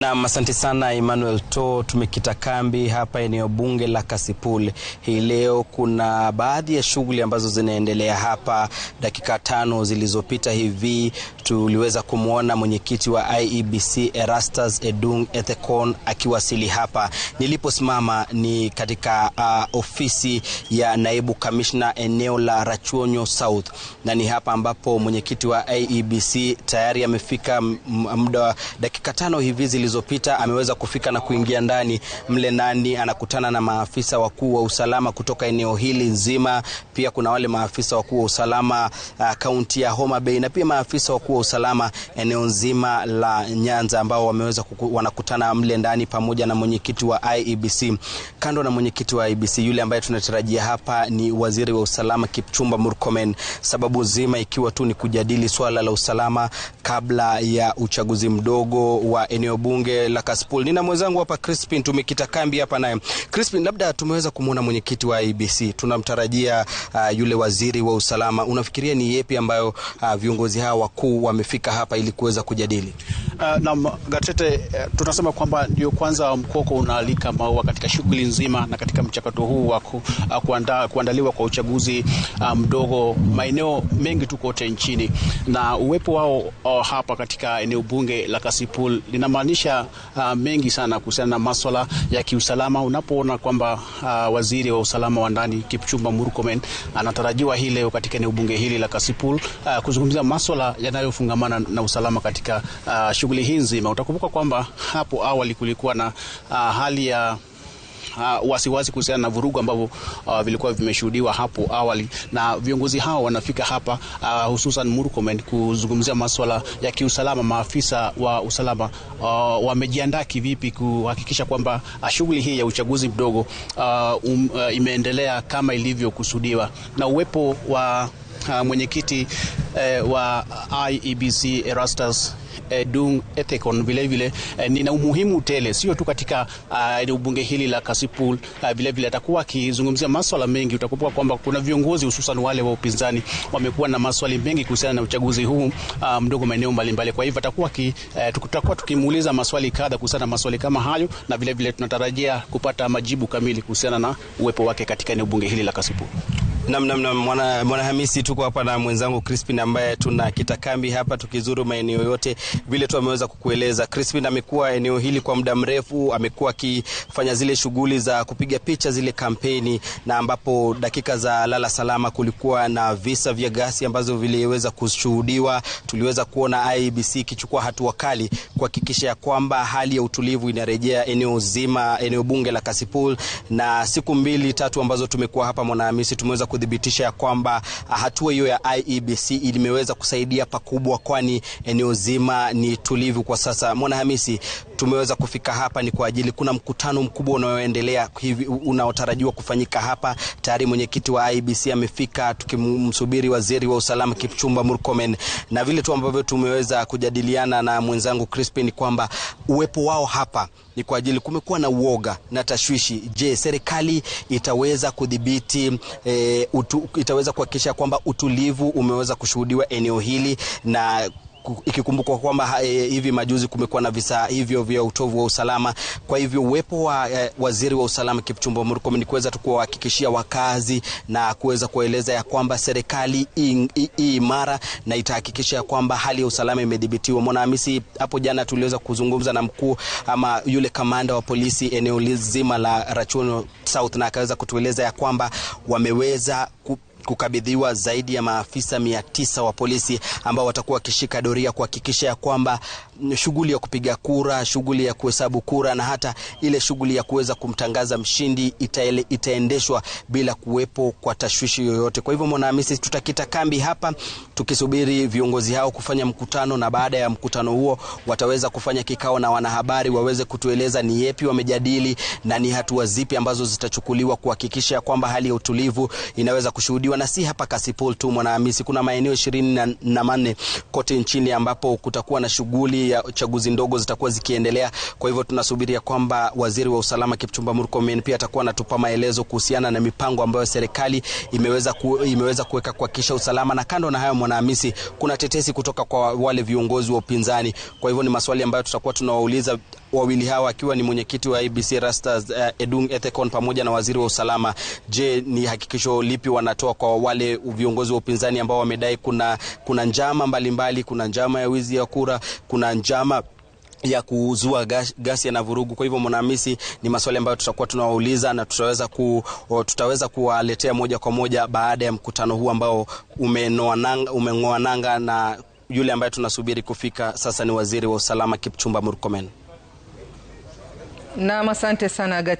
Nam, asante sana Emmanuel To. Tumekita kambi hapa eneo bunge la Kasipul hii leo. Kuna baadhi ya shughuli ambazo zinaendelea hapa. Dakika tano zilizopita hivi tuliweza kumwona mwenyekiti wa IEBC Erastus Edung Ethekon akiwasili hapa. Niliposimama ni katika uh, ofisi ya naibu kamishna eneo la Rachuonyo South, na ni hapa ambapo mwenyekiti wa IEBC tayari amefika muda dakika tano hivi zilizopita ameweza kufika na kuingia ndani mle ndani, anakutana na maafisa wakuu wa usalama kutoka eneo hili nzima. Pia kuna wale maafisa wakuu wa usalama uh, kaunti uh, ya Homa Bay na pia maafisa wakuu wa usalama eneo nzima la Nyanza ambao wameweza kuku, wanakutana mle ndani pamoja na mwenyekiti wa IEBC. Kando na mwenyekiti wa IEBC, yule ambaye tunatarajia hapa ni waziri wa usalama Kipchumba Murkomen, sababu nzima ikiwa tu ni kujadili swala la usalama kabla ya uchaguzi mdogo wa eneo bunge bunge la Kasipul. Nina mwenzangu hapa Crispin, tumekita kambi hapa naye. Crispin, labda tumeweza kumwona mwenyekiti wa IBC, tunamtarajia uh, yule waziri wa usalama. Unafikiria ni yepi ambayo uh, viongozi hawa wakuu wamefika hapa ili kuweza kujadili? Uh, na Gatete, uh, tunasema kwamba ndio kwanza mkoko unaalika maua katika shughuli nzima na katika mchakato huu wa ku, uh, kuanda, kuandaliwa kwa uchaguzi uh, mdogo um, maeneo mengi tu kote nchini na uwepo wao uh, hapa katika eneo bunge la Kasipul linamaanisha imetufundisha uh, ah, mengi sana kuhusiana na maswala ya kiusalama. Unapoona kwamba uh, waziri wa usalama wa ndani Kipchumba Murkomen anatarajiwa hii leo katika eneo bunge hili la Kasipul uh, kuzungumzia maswala yanayofungamana na usalama katika uh, shughuli hii nzima. Utakumbuka kwamba hapo awali kulikuwa na uh, hali ya Ah, wasiwasi kuhusiana na vurugu ambavyo uh, vilikuwa vimeshuhudiwa hapo awali, na viongozi hao wanafika hapa uh, hususan Murkomen kuzungumzia masuala ya kiusalama. Maafisa wa usalama uh, wamejiandaa kivipi kuhakikisha kwamba uh, shughuli hii ya uchaguzi mdogo uh, um, uh, imeendelea kama ilivyokusudiwa na uwepo wa uh, mwenyekiti uh, wa IEBC Erastus eh, Dung Ethekon eh, vilevile eh, nina umuhimu tele, sio tu katika uh, ah, bunge hili la Kasipul vilevile ah, uh, vile, atakuwa akizungumzia maswala mengi. Utakumbuka kwamba kuna viongozi hususan wale wa upinzani wamekuwa na maswali mengi kuhusiana na uchaguzi huu uh, mdogo maeneo mbalimbali. Kwa hivyo atakuwa ki, eh, tutakuwa tukimuuliza maswali kadha kuhusiana na maswali kama hayo, na vilevile vile tunatarajia kupata majibu kamili kuhusiana na uwepo wake katika eneo bunge hili la Kasipul. Nam, nam, mwana, mwana Hamisi, tuko hapa na mwenzangu Crispin ambaye tuna kitakambi hapa tukizuru maeneo yote. Vile tu ameweza kukueleza, Crispin amekuwa eneo hili kwa muda mrefu, amekuwa akifanya zile shughuli za kupiga picha zile kampeni, na ambapo dakika za lala salama kulikuwa na visa vya gasi ambazo viliweza kushuhudiwa. Tuliweza kuona ibc ikichukua hatua kali kuhakikisha ya kwamba hali ya utulivu inarejea eneo zima, eneo bunge la Kasipul, na siku mbili tatu ambazo tumekuwa hapa, Mwana Hamisi, tumeweza kuthibitisha ya kwamba ah, hatua hiyo ya IEBC ilimeweza kusaidia pakubwa, kwani eneo zima ni tulivu kwa sasa. Mwana Hamisi, tumeweza kufika hapa ni kwa ajili, kuna mkutano mkubwa unaoendelea hivi unaotarajiwa kufanyika hapa. Tayari mwenyekiti wa IEBC amefika, tukimsubiri waziri wa usalama Kipchumba Murkomen, na vile tu ambavyo tumeweza kujadiliana na mwenzangu Crispin kwamba uwepo wao hapa ni kwa ajili, kumekuwa na uoga na tashwishi. Je, serikali itaweza kudhibiti e, utu, itaweza kuhakikisha kwamba utulivu umeweza kushuhudiwa eneo hili na ikikumbukwa kwamba eh, hivi majuzi kumekuwa na visa hivyo vya utovu wa usalama. Kwa hivyo uwepo wa e, waziri wa usalama Kipchumba Murkomen ni kuweza tu kuwahakikishia wakazi na kuweza kueleza ya kwamba serikali hii imara na itahakikisha ya kwamba hali ya usalama imedhibitiwa. Mwanahamisi, hapo jana tuliweza kuzungumza na mkuu ama yule kamanda wa polisi eneo zima la Rachuonyo South na akaweza kutueleza ya kwamba wameweza kukabidhiwa zaidi ya maafisa mia tisa wa polisi ambao watakuwa wakishika doria kuhakikisha ya kwamba shughuli ya kupiga kura, shughuli ya kuhesabu kura na hata ile shughuli ya kuweza kumtangaza mshindi itaele, itaendeshwa bila kuwepo kwa tashwishi yoyote. Kwa hivyo Mwanahamisi, tutakita kambi hapa tukisubiri viongozi hao kufanya mkutano, na baada ya mkutano huo wataweza kufanya kikao na wanahabari waweze kutueleza ni yepi wamejadili na ni hatua zipi ambazo zitachukuliwa kuhakikisha kwamba hali ya utulivu inaweza kushuhudiwa na si hapa Kasipul tu Mwanahamisi, kuna maeneo ishirini na, na manne kote nchini ambapo kutakuwa na shughuli ya chaguzi ndogo zitakuwa zikiendelea. Kwa hivyo tunasubiria kwamba waziri wa usalama Kipchumba Murkomen pia atakuwa anatupa maelezo kuhusiana na mipango ambayo serikali imeweza ku, imeweza kuweka kuhakikisha usalama. Na kando na hayo, Mwanahamisi, kuna tetesi kutoka kwa wale viongozi wa upinzani. Kwa hivyo ni maswali ambayo tutakuwa tunawauliza wawili hawa akiwa ni mwenyekiti wa ABC Rastas uh, eh, Edung Ethekon pamoja na waziri wa usalama. Je, ni hakikisho lipi wanatoa kwa wale viongozi wa upinzani ambao wamedai kuna, kuna njama mbalimbali mbali, kuna njama ya wizi ya kura, kuna njama ya kuzua gasi na vurugu. Kwa hivyo, Mwanahamisi, ni maswali ambayo tutakuwa tunawauliza na tutaweza ku, tutaweza kuwaletea moja kwa moja baada ya mkutano huu ambao umeng'oa nanga, na yule ambaye tunasubiri kufika sasa ni waziri wa usalama Kipchumba Murkomen. Naam, asante sana Agati.